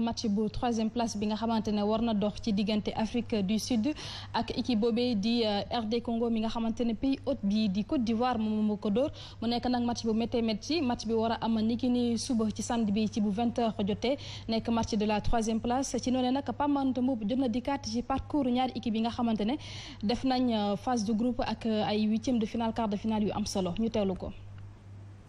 match bu troisième place bi nga xamante ne war na dox ci diggante Afrique du Sud ak équipe boobee di euh, RD Congo mi nga xamante ne pays hôte bi di Côte d'Ivoire moom moo ko dóor mu nekk nag match bu méttee métti match bi war a am niki ni suba ci samedi bi ci bu vingt h jotee nekk match de la troisième place ci noonu na Pape Mante Mboup jot na dikkaat ci parcours ñaari équipe yi nga xamante ne def nañ euh, phase de groupe ak euh, ay huitième de finale quart de finale yu am solo ñu teewlu ko.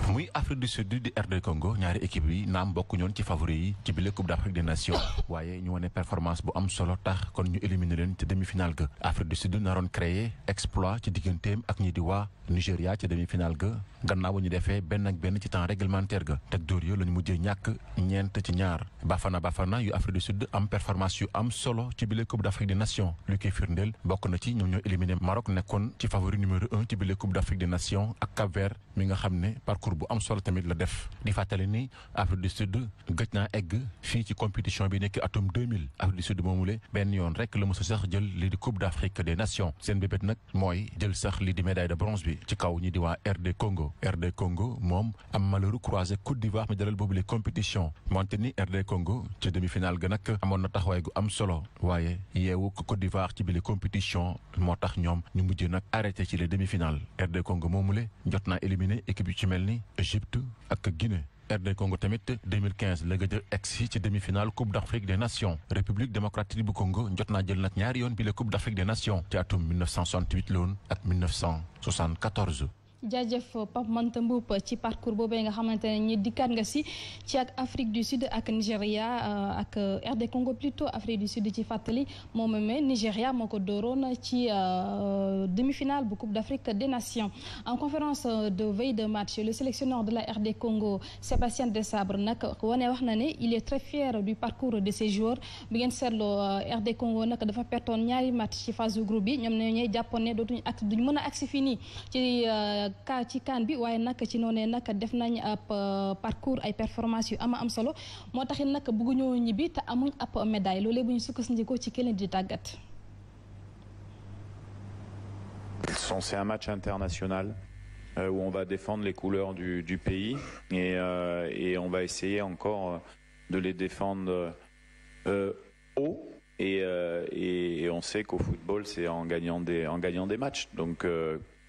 muy Afrique du Sud di RD Congo ñaari équipe yi naam bokk ñoon ci favori yi ci bile Coupe d'Afrique des Nations waaye ñu wane performance bu am solo tax kon ñu éliminer leen ci demi-finale ga Afrique du Sud naroon créer exploit ci digganteem ak ñi di waa Nigéria ci demi-finale ga gannaaw ñu defee benn ak benn ci temps réglementaire ga teg dóor yo la ñu mujjee ñàkk ñeent ci ñaar Bafana Bafana yu Afrique du Sud am performance yu am solo ci bile Coupe d'Afrique ñoo éliminer Maroc nekkoon parcours bu am solo tamit la def di fàttali ni Afrique du Sud gëj na egg fii ci compétition bi nekk atum 2000 Afrique du Sud moomule benn yoon rek la mësu sax jël lii di Coupe d'Afrique des Nations seen bébét nag mooy jël sax lii di médaille de bronze bi ci kaw ñi di waa RD Congo RD Congo moom am malheureux croisé Côte d'Ivoire mi dalal boobule compétition moonte ni RD Congo ci demi-finale ga nag amoon na taxawaay gu am solo waaye yeewu Côte d'Ivoire ci bile compétition moo tax ñoom ñu mujj nag ci les demi-finales RD Congo moomule jot naa éliminé équipe yu ci mel ni Égypte ak Guinée. RD Congo tamit 2015 la gëj a egsi ci demi-finale Coupe d'Afrique des Nations République démocratique bu Congo jot naa jël nag ñaari yoon bi la Coupe d'Afrique des Nations ci atum 1968 ak jaajëf Pape Manta Mboup ci parcours boobee nga xamante ne ñi dikkaat nga si ci ak Afrique du Sud ak Nigéria euh, ak euh, RD Congo plutôt Afrique du Sud ci fàttali moom moomee Nigéria moo ko dooroon ci euh, demi-finale bu Coupe d'Afrique des Nations en conférence de veille de match le sélectionneur de la RD Congo Sébastien Desabre nag wane wax na ne il est très fier du parcours de ses joueurs bi ngeen seetloo Congo nag dafa pertoon ñaari match ci phase du groupe bi ñoom ne ñooy jàppoon ka ci kan bi waaye nag ci noonee nag def nañ ab euh, parcours ay performance yu ama am solo moo taxit nag bëgguñoo ñibbi te amuñ ab médaille bu ñu sukkandikoo ci keneen di tàggat. C'est un match international. Euh, où on va défendre les couleurs du, du pays et, euh, on va essayer encore euh, de les défendre haut et, on sait qu'au football c'est en gagnant des matchs donc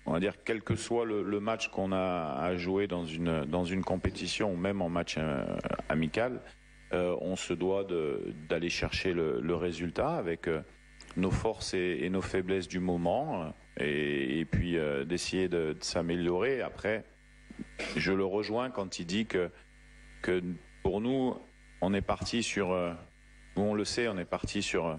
on va dire, quel que soit le, le match qu'on a à jouer dans une, dans une compétition ou même en match euh, amical, euh, on se doit d'aller chercher le, résultat avec euh, nos forces et, et, nos faiblesses du moment euh, et, puis euh, d'essayer de, de s'améliorer. Après, je le rejoins quand il dit que, pour nous, euh, on le sait, on est parti sur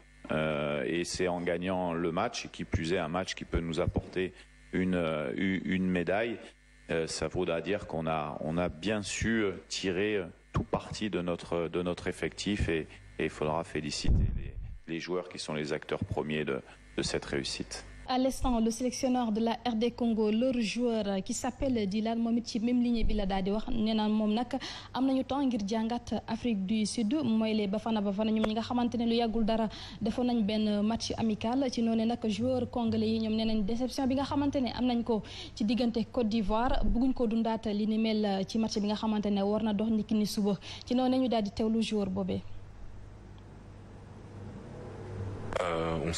Euh, et c'est en gagnant le match, et qui plus est un match qui peut nous apporter une, euh, une médaille, euh, ça dire qu'on a, on a bien su tirer tout parti de notre, de notre effectif et, et il faudra féliciter les, les, joueurs qui sont les acteurs premiers de, de cette réussite. à l'instant le sélectionneur de la RD Congo leur joueur euh, qui s'appelle Dylan moom it ci même ligne bi la daal di wax nee naa moom nag am nañu temps ngir jàngat Afrique du Sud mooy les Bafana Bafana ñoom ñi nga xamante ne lu yàggul dara defoon nañ benn match amical ci noonu nag joueur congolais yi ñoom nee nañ déception bi nga xamante ne am nañ ko ci diggante Côte d'Ivoire bëgguñ ko dundaat li ni mel euh, ci match bi nga xamante ne war na dox niki ni suba ci noonu ñu daal di teewlu joueur boobee. Euh,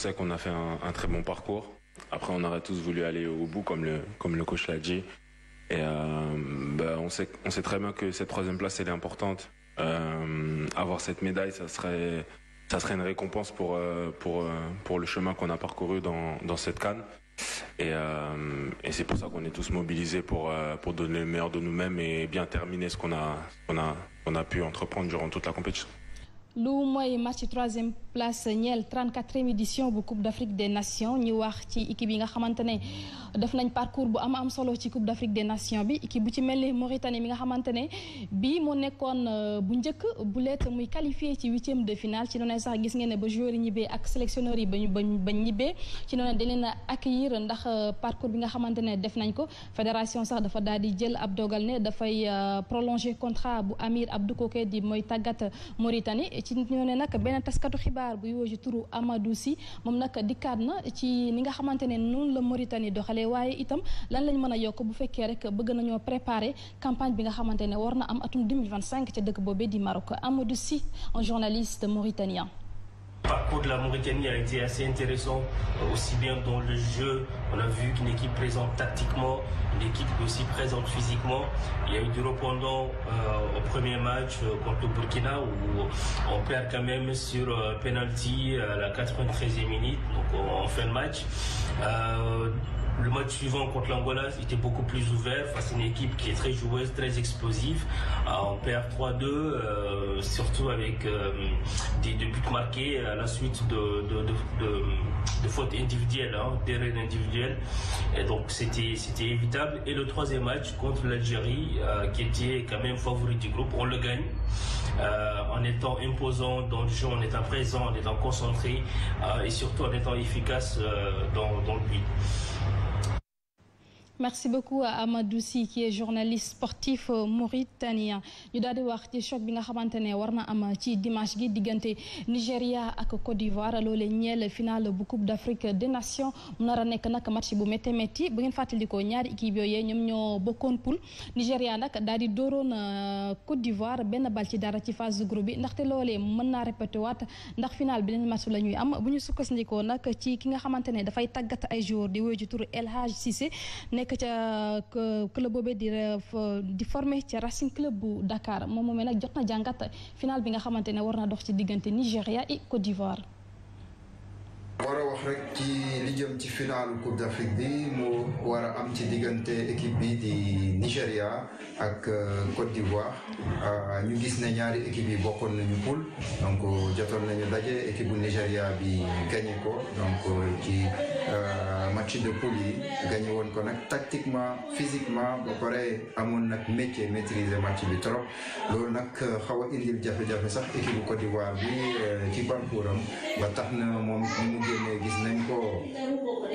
Après, on aurait tous voulu aller au bout, comme le, comme l'a dit. Euh, on, sait, très bien que cette troisième place, elle est importante. Euh, avoir cette médaille, ça serait, une récompense euh, pour, le chemin qu'on a parcouru dans, dans cette canne. Et, c'est pour ça qu'on est tous mobilisés pour, donner le meilleur de nous-mêmes et bien terminer ce qu'on a pu entreprendre durant toute la compétition. lu mooy match troisième place ñeel 34e édition bu Coupe d'Afrique de nation ñu wax ci équipe yi nga xamante ne def nañ parcours bu am am solo ci Coupe d'Afrique des nation bi équipe bu ci mel ni Mauritanie mi nga xamante ne bii moo nekkoon euh, bu njëkk bu leet muy qualifié ci huitième de finale ci noonu sax gis ngeen ne ba joueurs ñibbe ak sélectionneurs yi bañ bañ bañ ñibbee ci noonu dañ leen a accueillir ndax euh, parcours bi nga xamante ne def nañ ko fédération sax dafa daal di jël ab dogal ne dafay euh, prolonger contrat bu Amir Abdou Koké di mooy tàggat Mauritanie ci ñoo ne nag benn taskatu xibaar bu yooju turu Amadou Sy moom nag dikkaat na ci ni nga xamante ne noonu la Mauritanie doxalee waaye itam lan lañ mën a yokk bu fekkee rek bëgg nañoo préparer campagne bi nga xamante ne war na am atum ca dëkk boobee di Maroc Amadou Sy un journaliste mauritanien. Le parcours de la Mauritanie a été assez intéressant aussi bien dans le jeu On a vu une équipe présente tactiquement, une équipe aussi présente physiquement. Il y a eu du répondant euh, au premier match euh, contre le Burkina où on perd quand même sur e minute, en fin match. Euh, le match suivant contre l'Angola était beaucoup plus ouvert face à une équipe qui est très joueuse, très explosive. Euh, on perd 3-2, surtout avec euh, des, à la suite de, de, de, de fautes individuelles individuelle. Et donc c'était c'était évitable. Et le troisième match contre l'Algérie, euh, qui était quand même favori du groupe, on le gagne. Euh, en étant imposant dans le jeu, en étant présent, en étant concentré euh, et surtout en étant efficace euh, dans, dans le but. merci beaucoup à Amadou Sy qui est journaliste sportif mauritanien ñu daal di wax ci choc bi nga xamante ne war na am ci dimanche gi diggante Nigéria ak Côte d'Ivoire loole ñeel finale bu Coupe d'Afrique des Nations mu nar a nekk nag match bu métti métti bu ngeen fàttalikoo ñaari équipe yooyee ñoom ñoo bokkoon poule Nigéria nag daal di dooroon euh, Côte d'Ivoire benn bal ci dara ci phase de groupe bi ndaxte loolee mën naa répété waat ndax finale beneen match la ñuy am bu ñu sukkandikoo nag ci ki nga xamante ne dafay tàggat ay joueurs di nekk ca club boobee di di formé ca Racing Club bu Dakar moom moomee nag jot na jàngat final bi nga xamante ne war na dox ci diggante Nigéria et Côte d'Ivoire. war a wax rek ci li jëm ci final Coupe d'Afrique bi mu war a am ci diggante équipe bi di nigeria ak euh, Côte d'Ivoire euh, ñu gis ne ñaari équipe yi bokkoon nañu poule donc euh, jotoon nañu daje équipe bu Nigéria bi gagné ko donc ci match de poule yi gagné woon ko nag tactiquement physiquement ba pare amoon nag métier maîtriser match bi trop loolu nag xaw a indil jafe-jafe sax bi ci ban am ba tax na moom génnee gis nañ ko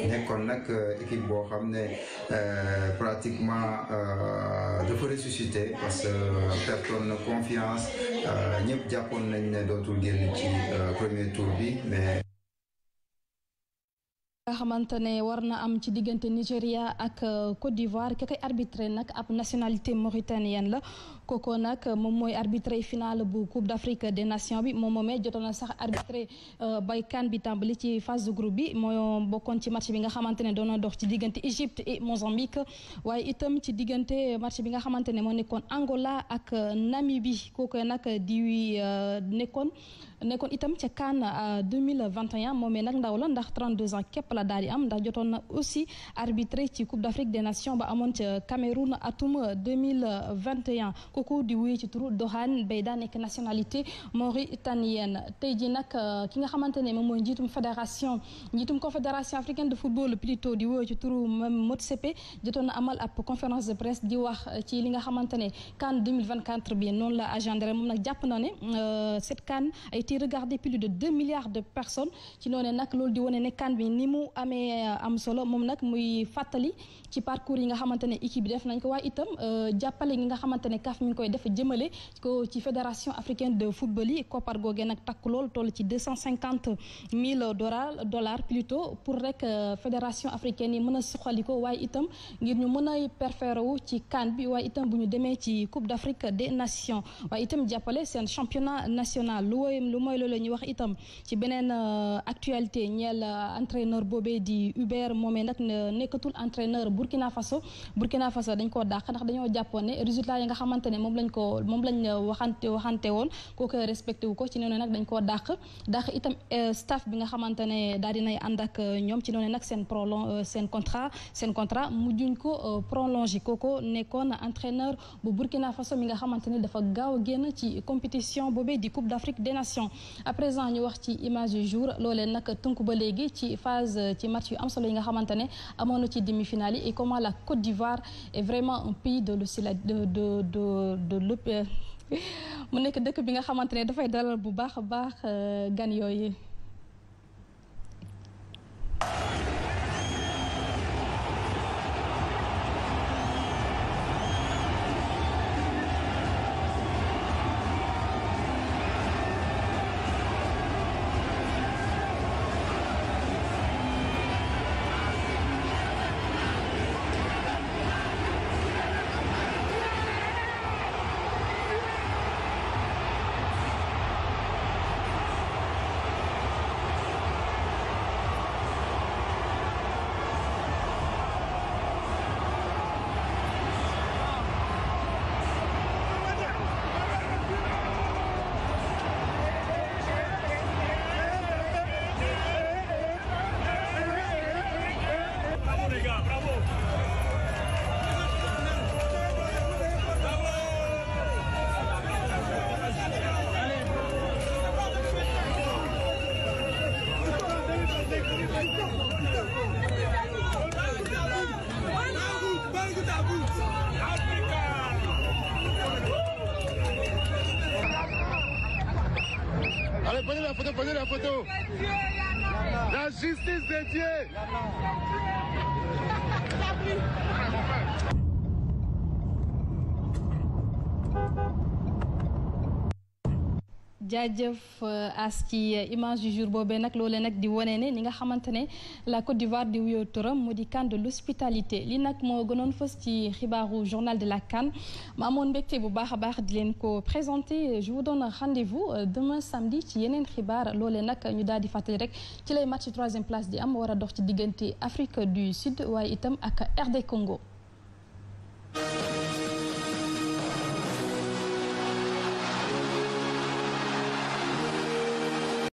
nekkoon nag euh, équipe boo xam ne euh, pratiquement euh, dafa ressuscité parce que pertoon na confiance ñëpp jàppoon nañ ne dootul génn ci premier tour bi mais nga xamante ne war na am ci diggante Nigéria ak euh, Côte d'Ivoire ki koy arbitré nag ab nationalité mauritanienne la kooku nag moom mooy arbitré final bu Coupe d'Afrique des Nations bi moom moomee jotoon na sax arbitré euh, bay kan bi tàmbali ci phase de groupe bi mooy bokkoon ci marché bi nga xamante ne doon na dox ci diggante Égypte et Mozambique waaye itam ci diggante match bi nga xamante ne moo nekkoon Angola ak euh, Namibie kooku nag di nekkoon. nekkoon itam ca CAN 2021 euh, moomee nag ndaw la ndax 32 ans képp la daal di am ndax jotoon na aussi arbitré ci Coupe d'Afrique des Nations ba amoon ca Cameroun atum 2021 kooku di wuyu ci turu Dohan Beyda nekk nationalité mauritanienne tey ji nag euh, ki nga xamante ne moom mooy njiitum fédération njiitum confédération africaine de football plutôt di wuyu ci turu Motsepe jotoon na amal ab conférence de presse di wax ci li nga xamante ne CAN 2024 bi noonu la agendé moom nag jàpp na ne euh, cette CAN été regardé plus de 2 milliards de personnes ci noonu nag loolu di wane ne kan bi ni mu amee euh, am solo moom nag muy fàttali ci parcours yi nga xamante ne équipe bi def nañ ko waaye itam euh, jàppale gi nga xamante ne CAF mi ngi koy def jëmale ci fédération africaine de football yi koppar nag takk lool toll ci 250 000 dollars dollars plutôt pour rek euh, fédération africaine yi mën a suqali ko waaye itam ngir ñu mën a perfeere wu ci kan bi waaye itam bu ñu demee ci Coupe d'Afrique des Nations itam jàppale seen championnat national lu lu mooy loolu la ñuy wax itam ci beneen euh, actualité ñeel euh, entraîneur boobee di Hubert moomee nag nekkatul entraîneur Burkina faço Burkina Faso dañ koo dàq ndax dañoo jàppoon ne résultat yi nga xamante ne moom lañ ko moom lañ euh, waxante waxante woon kooku respecté wu ko ci noonu nag dañ koo dàq dàq itam staff bi nga xamante ne daal dinay ànd ak ñoom ci noonu nag seen prolon seen contrat seen contrat mujjuñ ko prolongé kooku nekkoon entraîneur bu Burkina Faso mi nga xamante ne dafa gaaw génn ci compétition boobee di Coupe d'Afrique des Nations Lions à présent wax ci image du jour loolee nag tënk ba léegi ci phase ci match yu am yi nga xamante ne amoon na ci demi-finale yi et comment la Côte d'Ivoire est vraiment un pays de l'oscilla de de de e. mu nekk dëkk bi nga xamante ne dafay dalal bu baax a baax euh, gan yooyu photo, prenez la photo. La justice de Dieu. La jaajëf euh, as ci euh, image du jour boobee nag loolee nag di wane ne ni nga xamante ne la Côte d'Ivoire di wuyoo turam moo di CAN de l'hospitalité li nag moo gënoon fës ci xibaaru journal de la kan ma amoon mbégte bu baax a baax di leen ko présenté je vous donne rendez-vous euh, demain samedi ci yeneen xibaar loolee nag ñu daal di fàttali rek ci lay match troisième place di am war a dox ci diggante Afrique du Sud waaye itam ak RD Congo